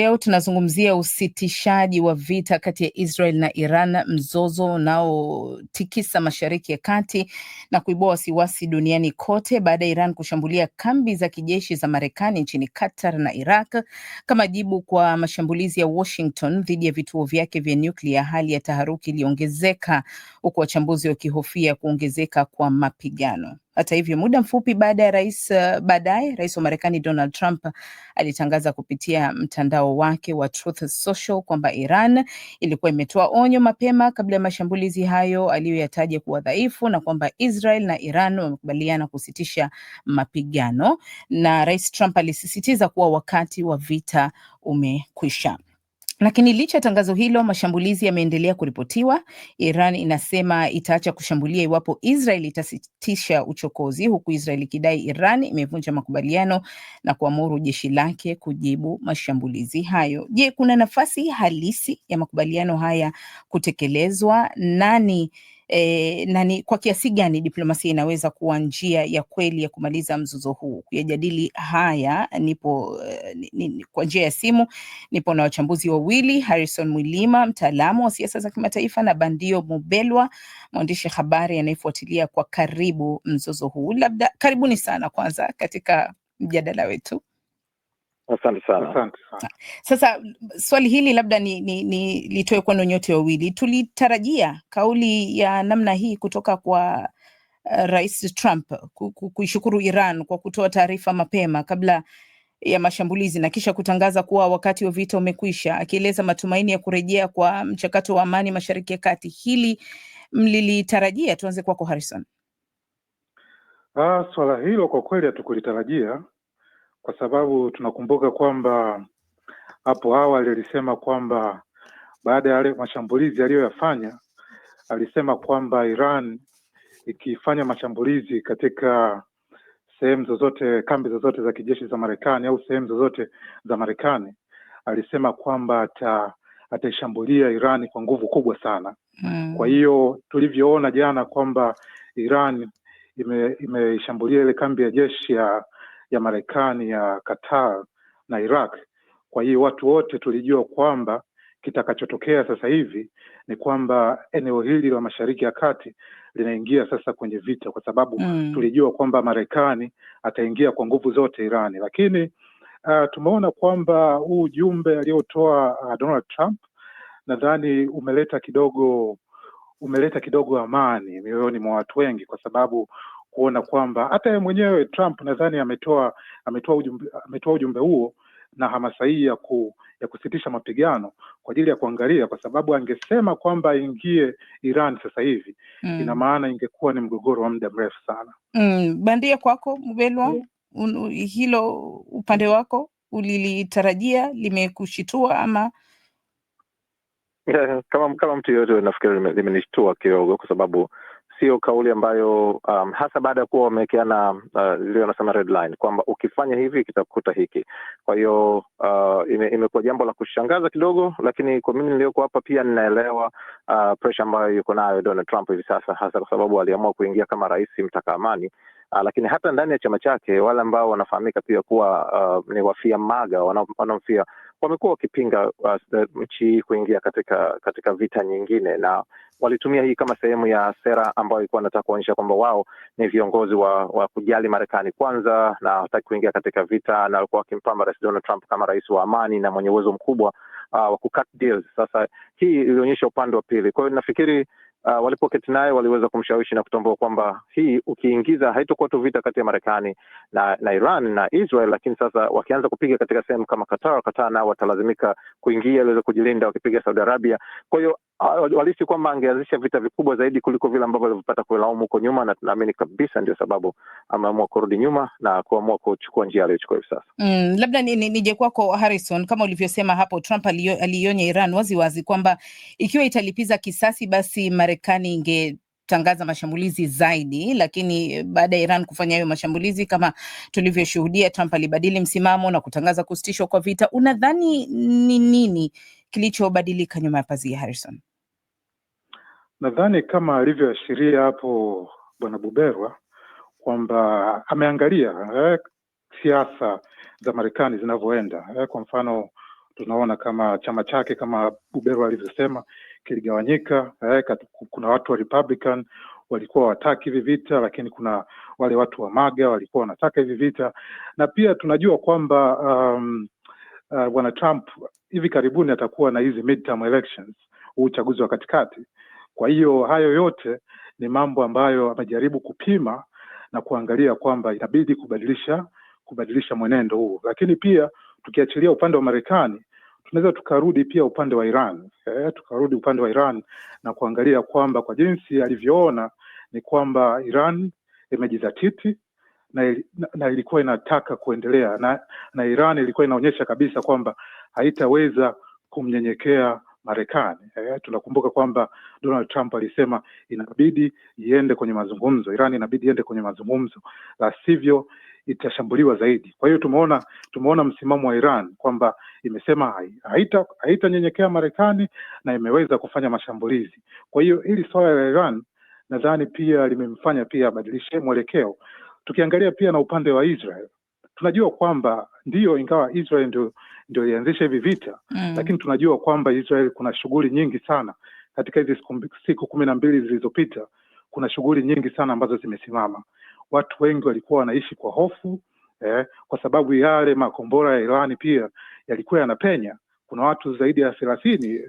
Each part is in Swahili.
Leo tunazungumzia usitishaji wa vita kati ya Israel na Iran, mzozo unaotikisa Mashariki ya Kati na kuibua wasiwasi duniani kote baada ya Iran kushambulia kambi za kijeshi za Marekani nchini Qatar na Iraq kama jibu kwa mashambulizi ya Washington dhidi ya vituo vyake vya nyuklia. Hali ya taharuki iliongezeka huku wachambuzi wakihofia kuongezeka kwa mapigano. Hata hivyo, muda mfupi baada ya rais eh, baadaye, rais wa Marekani Donald Trump alitangaza kupitia mtandao wake wa Truth Social kwamba Iran ilikuwa imetoa onyo mapema kabla ya mashambulizi hayo aliyoyataja kuwa dhaifu na kwamba Israel na Iran wamekubaliana kusitisha mapigano, na Rais Trump alisisitiza kuwa wakati wa vita umekwisha. Lakini licha ya tangazo hilo, mashambulizi yameendelea kuripotiwa. Iran inasema itaacha kushambulia iwapo Israel itasitisha uchokozi, huku Israel ikidai Iran imevunja makubaliano na kuamuru jeshi lake kujibu mashambulizi hayo. Je, kuna nafasi halisi ya makubaliano haya kutekelezwa? Nani e, na ni kwa kiasi gani diplomasia inaweza kuwa njia ya kweli ya kumaliza mzozo huu? Kuyajadili haya nipo eh, ni, ni, kwa njia ya simu nipo na wachambuzi wawili, Harrison Mwilima, mtaalamu wa siasa za kimataifa, na Bandio Mubelwa, mwandishi habari anayefuatilia kwa karibu mzozo huu. Labda karibuni sana kwanza katika mjadala wetu. Asante sana. Asante sana. Sasa swali hili labda ni, ni, ni litoe kwenu nyote wawili. Tulitarajia kauli ya namna hii kutoka kwa uh, Rais Trump kuishukuru Iran kwa kutoa taarifa mapema kabla ya mashambulizi na kisha kutangaza kuwa wakati wa vita umekwisha, akieleza matumaini ya kurejea kwa mchakato wa amani Mashariki ya Kati. Hili mlilitarajia? Tuanze kwako Harrison. Ah, swala hilo kwa kweli hatukulitarajia kwa sababu tunakumbuka kwamba hapo awali alisema kwamba baada ya yale mashambulizi aliyoyafanya, alisema kwamba Iran ikifanya mashambulizi katika sehemu zozote, kambi zozote za kijeshi za Marekani au sehemu zozote za Marekani, alisema kwamba ata ataishambulia Iran kwa nguvu kubwa sana mm. Kwa hiyo tulivyoona jana kwamba Iran imeishambulia ime ile kambi ya jeshi ya ya Marekani, ya Qatar na Iraq. Kwa hiyo watu wote tulijua kwamba kitakachotokea sasa hivi ni kwamba eneo hili la Mashariki ya Kati linaingia sasa kwenye vita, kwa sababu mm. tulijua kwamba Marekani ataingia kwa nguvu zote Irani, lakini uh, tumeona kwamba huu ujumbe aliotoa uh, Donald Trump nadhani umeleta kidogo umeleta kidogo amani mioyoni mwa watu wengi, kwa sababu kuona kwamba hata yeye mwenyewe Trump nadhani ametoa ametoa ujumbe, ametoa ujumbe huo na hamasa hii ya, ku, ya kusitisha mapigano kwa ajili ya kuangalia, kwa sababu angesema kwamba aingie Iran sasa hivi mm. ina maana ingekuwa ni mgogoro wa muda mrefu sana mm. Bandia kwako Mbelwa, mm. hilo upande mm. wako ulilitarajia limekushitua ama? Yeah, kama, kama mtu yoyote nafikiri limenishtua kidogo kwa sababu sio kauli ambayo um, hasa baada ya kuwa wamewekeana uh, lio anasema red line kwamba ukifanya hivi kitakuta hiki. Kwa hiyo uh, ime, imekuwa jambo la kushangaza kidogo, lakini kwa mimi niliyoko hapa pia ninaelewa uh, presha ambayo yuko nayo Donald Trump hivi sasa, hasa kwa sababu aliamua kuingia kama rais mtaka amani Uh, lakini hata ndani ya chama chake wale ambao wanafahamika pia kuwa uh, ni wafia maga wanaomfia wamekuwa wakipinga ah, eh, nchi hii kuingia katika katika vita nyingine, na walitumia hii kama sehemu ya sera ambayo ilikuwa wanataka kuonyesha kwamba wao ni viongozi wa, wa kujali Marekani kwanza na wataki kuingia katika vita, na walikuwa wakimpamba Rais Donald Trump kama rais wa amani na mwenye uwezo mkubwa uh, wa deals. Sasa hii ilionyesha upande wa pili, kwa hiyo nafikiri uh, walipoketi naye waliweza kumshawishi na kutambua kwamba hii ukiingiza haitokuwa tu vita kati ya Marekani na, na Iran na Israel, lakini sasa wakianza kupiga katika sehemu kama Qatar, katar nao watalazimika kuingia iliweza kujilinda wakipiga Saudi Arabia. Kwa hiyo Ah, walihisi kwamba angeanzisha vita vikubwa zaidi kuliko vile ambavyo alivyopata kulaumu huko nyuma, na tunaamini kabisa ndio sababu ameamua kurudi nyuma na kuamua kuchukua njia aliyochukua hivi sasa. Mm, labda nije ni, ni kwako Harrison, kama ulivyosema hapo, Trump aliionya Iran waziwazi wazi kwamba ikiwa italipiza kisasi basi Marekani inge tangaza mashambulizi zaidi, lakini baada ya Iran kufanya hayo mashambulizi kama tulivyoshuhudia, Trump alibadili msimamo na kutangaza kusitishwa kwa vita. Unadhani ni nini kilichobadilika nyuma ya pazia, Harrison? Nadhani kama alivyoashiria hapo Bwana Buberwa kwamba ameangalia eh, siasa za Marekani zinavyoenda eh, kwa mfano tunaona kama chama chake kama Buberwa alivyosema kiligawanyika. Eh, kuna watu wa Republican walikuwa wataki hivi vita, lakini kuna wale watu wa MAGA walikuwa wanataka hivi vita, na pia tunajua kwamba um, uh, bwana Trump hivi karibuni atakuwa na hizi midterm elections, uchaguzi wa katikati kwa hiyo hayo yote ni mambo ambayo amejaribu kupima na kuangalia kwamba inabidi kubadilisha kubadilisha mwenendo huo lakini pia tukiachilia upande wa Marekani tunaweza tukarudi pia upande wa Iran eh, tukarudi upande wa Iran na kuangalia kwamba kwa jinsi alivyoona ni kwamba Iran imejizatiti na, na, na ilikuwa inataka kuendelea na, na Iran ilikuwa inaonyesha kabisa kwamba haitaweza kumnyenyekea Marekani. Eh, tunakumbuka kwamba Donald Trump alisema inabidi iende kwenye mazungumzo, Iran inabidi iende kwenye mazungumzo, la sivyo itashambuliwa zaidi. Kwa hiyo tumeona tumeona msimamo wa Iran kwamba imesema haita haitanyenyekea Marekani na imeweza kufanya mashambulizi. Kwa hiyo hili swala la Iran nadhani pia limemfanya pia abadilishe mwelekeo. Tukiangalia pia na upande wa Israel tunajua kwamba ndiyo, ingawa Israel ndio ndio ilianzisha hivi vita mm. Lakini tunajua kwamba Israel kuna shughuli nyingi sana katika hizi siku kumi na mbili zilizopita, kuna shughuli nyingi sana ambazo zimesimama. Watu wengi walikuwa wanaishi kwa hofu eh, kwa sababu yale makombora ya Irani pia yalikuwa yanapenya. Kuna watu zaidi ya thelathini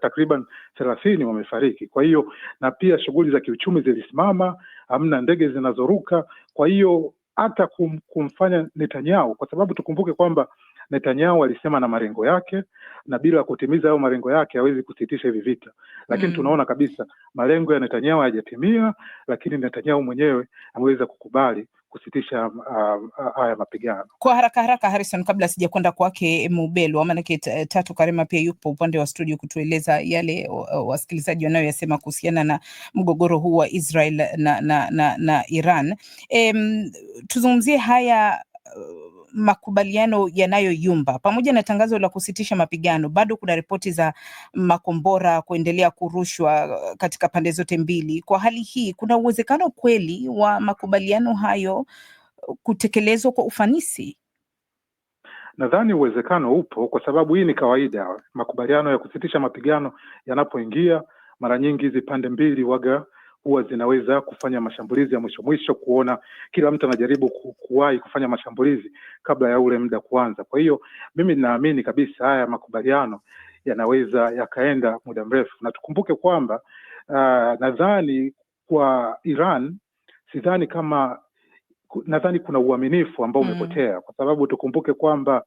takriban thelathini wamefariki. Kwa hiyo na pia shughuli za kiuchumi zilisimama, hamna ndege zinazoruka. Kwa hiyo hata kum, kumfanya Netanyahu, kwa sababu tukumbuke kwamba Netanyahu alisema na malengo yake, na bila kutimiza hayo malengo yake hawezi kusitisha hivi vita, lakini mm. tunaona kabisa malengo ya Netanyahu hayajatimia, lakini Netanyahu mwenyewe ameweza kukubali kusitisha ah, ah, haya mapigano kwa haraka haraka. Harrison, kabla sijakwenda kwake Mubelwa, maanake Tatu eh, Karema pia yupo upande wa studio kutueleza yale wasikilizaji wanayoyasema kuhusiana na mgogoro huu wa Israel na, na, na, na Iran. Em, tuzungumzie haya Uh, makubaliano yanayoyumba. Pamoja na tangazo la kusitisha mapigano, bado kuna ripoti za makombora kuendelea kurushwa uh, katika pande zote mbili. Kwa hali hii, kuna uwezekano kweli wa makubaliano hayo uh, kutekelezwa kwa ufanisi? Nadhani uwezekano upo, kwa sababu hii ni kawaida. Makubaliano ya kusitisha mapigano yanapoingia, mara nyingi hizi pande mbili waga huwa zinaweza kufanya mashambulizi ya mwisho mwisho, kuona kila mtu anajaribu kuwahi kufanya mashambulizi kabla ya ule muda kuanza. Kwa hiyo mimi ninaamini kabisa haya makubaliano yanaweza yakaenda muda mrefu, na tukumbuke kwamba uh, nadhani kwa Iran sidhani kama nadhani kuna uaminifu ambao mm. umepotea, kwa sababu tukumbuke kwamba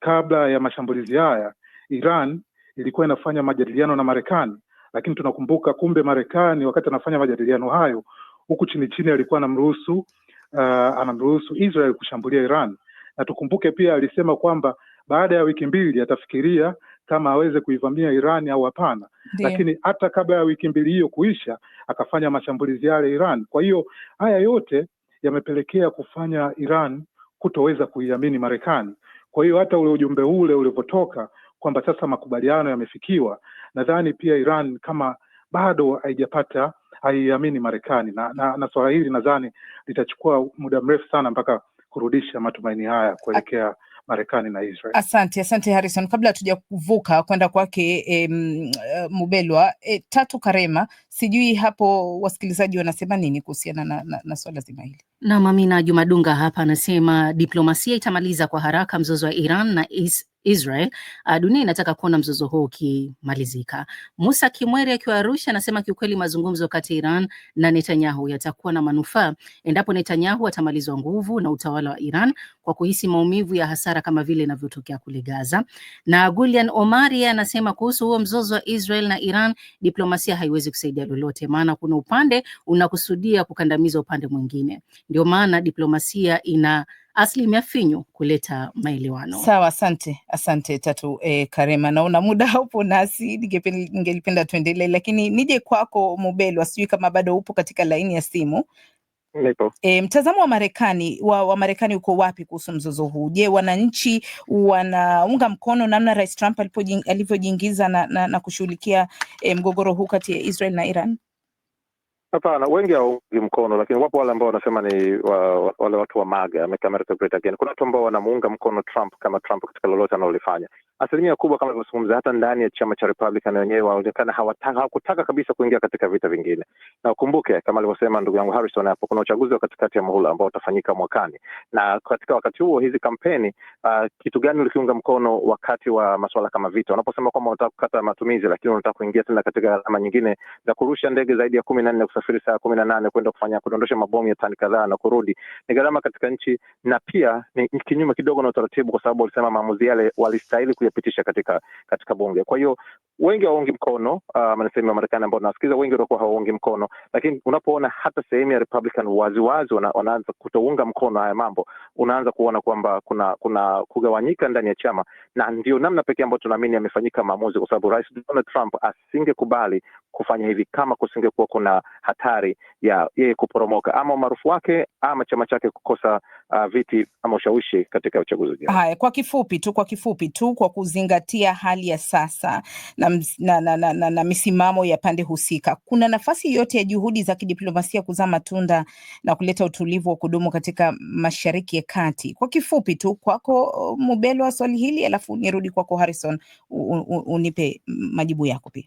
kabla ya mashambulizi haya Iran ilikuwa inafanya majadiliano na Marekani lakini tunakumbuka kumbe Marekani wakati anafanya majadiliano hayo huku chini chini alikuwa anamruhusu uh, anamruhusu Israel kushambulia Iran, na tukumbuke pia alisema kwamba baada ya wiki mbili atafikiria kama aweze kuivamia Iran au hapana. Lakini hata kabla ya wiki mbili hiyo kuisha akafanya mashambulizi yale Iran. Kwa hiyo haya yote yamepelekea kufanya Iran kutoweza kuiamini Marekani. Kwa hiyo hata ule ujumbe ule ulivyotoka kwamba sasa makubaliano yamefikiwa, nadhani pia Iran kama bado haijapata haiamini Marekani na, na, na swala hili nadhani litachukua muda mrefu sana mpaka kurudisha matumaini haya kuelekea Marekani na Israel. Asante, asante Harrison. Kabla hatuja kuvuka kwenda kwake e, Mubelwa e, Tatu Karema, sijui hapo wasikilizaji wanasema nini kuhusiana na, na, na swala zima hili? Naam, Amina Jumadunga hapa anasema diplomasia itamaliza kwa haraka mzozo wa Iran na is, Israel. Uh, dunia inataka kuona mzozo huo ukimalizika. Musa Kimweri akiwa Arusha anasema kiukweli, mazungumzo kati ya Iran na Netanyahu yatakuwa na manufaa endapo Netanyahu atamalizwa nguvu na utawala wa Iran kwa kuhisi maumivu ya hasara kama vile inavyotokea kule Gaza. Na Gulian Omari anasema kuhusu huo mzozo wa Israel na Iran, diplomasia haiwezi kusaidia lolote, maana kuna upande unakusudia kukandamiza upande mwingine, ndio maana diplomasia ina asilimia finyu kuleta maelewano. Sawa, asante, asante Tatu eh, Karema, naona muda haupo nasi, ningelipenda tuendelee, lakini nije kwako Mubelwa, sijui kama bado upo katika laini ya simu. E, mtazamo wa Marekani wa, wa Marekani uko wapi kuhusu mzozo huu? Je, wananchi wanaunga mkono namna Rais Trump alivyojiingiza na, na, na kushughulikia e, mgogoro huu kati ya Israel na Iran? Hapana, wengi hawaungi mkono, lakini wapo wale ambao wanasema ni wa, wale watu wa MAGA, Make America Great Again. Kuna watu ambao wanamuunga mkono Trump kama Trump katika lolote analolifanya, asilimia kubwa kama alivyozungumza, hata ndani ya chama cha Republican wenyewe wanaonekana hawakutaka kabisa kuingia katika vita vingine, na ukumbuke kama alivyosema ndugu yangu Harrison hapo, kuna uchaguzi wa katikati ya muhula ambao utafanyika mwakani, na katika wakati huo hizi kampeni uh, kitu gani ulikiunga mkono wakati wa masuala kama vita, unaposema kwamba unataka kukata matumizi, lakini unataka kuingia tena katika alama nyingine za kurusha ndege zaidi ya kumi na nne kusafiri saa kumi na nane kwenda kufanya kudondosha mabomu ya tani kadhaa na kurudi, ni gharama katika nchi, na pia ni kinyume kidogo na utaratibu, kwa sababu walisema maamuzi yale walistahili kuyapitisha katika katika bunge. Kwa hiyo wengi hawaungi mkono uh, manasehemu ya Marekani ambao nawasikiza wengi watakuwa hawaungi mkono, lakini unapoona hata sehemu ya Republican waziwazi wanaanza kutounga mkono haya mambo, unaanza kuona kwamba kuna kuna kugawanyika ndani ya chama, na ndio namna pekee ambayo tunaamini amefanyika maamuzi, kwa sababu Rais Donald Trump asingekubali kufanya hivi kama kusingekuwa kuna hatari ya yeye kuporomoka ama umaarufu wake ama chama chake kukosa uh, viti ama ushawishi katika uchaguzi ujao. Haya, kwa kifupi tu, kwa kifupi tu, kwa kuzingatia hali ya sasa na, na, na, na, na, na misimamo ya pande husika, kuna nafasi yote ya juhudi za kidiplomasia kuzaa matunda na kuleta utulivu wa kudumu katika Mashariki ya Kati? Kwa kifupi tu, kwako uh, Mubelwa swali hili, alafu nirudi kwako Harrison, unipe majibu yako pia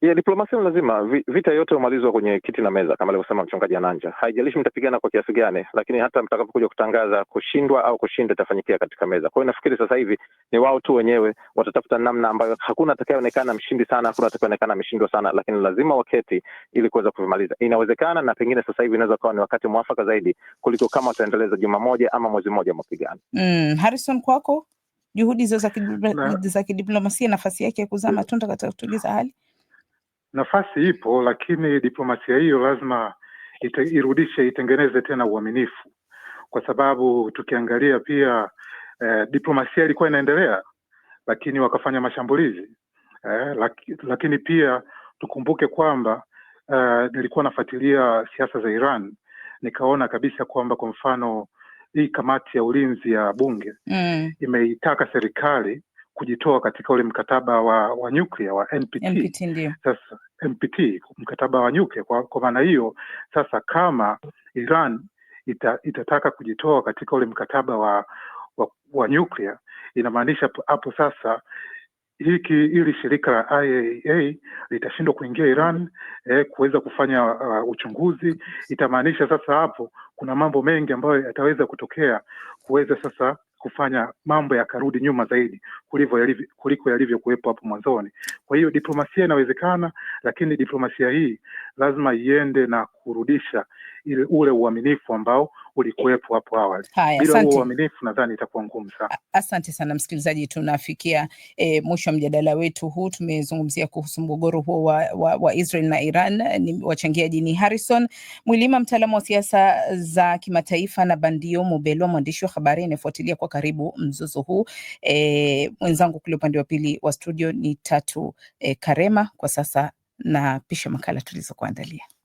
ya diplomasia lazima vita yote umalizwa kwenye kiti na meza, kama alivyosema mchungaji Ananja. Haijalishi mtapigana kwa kiasi gani, lakini hata mtakapokuja kutangaza kushindwa au kushinda itafanyikia katika meza. Kwa hiyo nafikiri sasa hivi ni wao tu wenyewe watatafuta namna ambayo hakuna atakayeonekana mshindi sana, hakuna atakayeonekana ameshindwa sana, lakini lazima waketi ili kuweza kuvimaliza. Inawezekana, na pengine sasa hivi inaweza kuwa ni wakati mwafaka zaidi kuliko kama wataendeleza juma moja ama mwezi mmoja mapigano. Mm, Harrison kwako, juhudi hizo za kidiplomasia, nafasi yake ya kuzaa mm. matunda katika kutuliza hali Nafasi ipo, lakini diplomasia hiyo lazima ite, irudishe itengeneze tena uaminifu, kwa sababu tukiangalia pia eh, diplomasia ilikuwa inaendelea, lakini wakafanya mashambulizi eh, laki, lakini pia tukumbuke kwamba eh, nilikuwa nafuatilia siasa za Iran nikaona kabisa kwamba kwa mfano hii kamati ya ulinzi ya bunge mm. imeitaka serikali kujitoa katika ule mkataba wa wa nyuklia wa NPT. NPT sasa NPT, mkataba wa nyuklia. Kwa, kwa maana hiyo sasa kama Iran ita, itataka kujitoa katika ule mkataba wa wa, wa nyuklia inamaanisha hapo sasa hiki hili shirika la IAEA litashindwa kuingia Iran eh, kuweza kufanya uh, uchunguzi. Itamaanisha sasa hapo kuna mambo mengi ambayo yataweza kutokea kuweza sasa kufanya mambo yakarudi nyuma zaidi kuliko yalivyokuwepo hapo mwanzoni. Kwa hiyo diplomasia inawezekana, lakini diplomasia hii lazima iende na kurudisha ile ule uaminifu ambao ulikuwepo hapo awali. Haya, bila huo uaminifu nadhani itakuwa ngumu sana. Asante sana msikilizaji, tunafikia e, mwisho wa mjadala wetu huu. Tumezungumzia kuhusu mgogoro huo wa, wa, wa Israel na Iran. Ni wachangiaji ni Harrison Mwilima, mtaalamu wa siasa za kimataifa na Bandio Mubelwa, mwandishi wa habari anayefuatilia kwa karibu mzozo huu. E, mwenzangu kule upande wa pili wa studio ni Tatu e, Karema. Kwa sasa na pisha makala tulizokuandalia.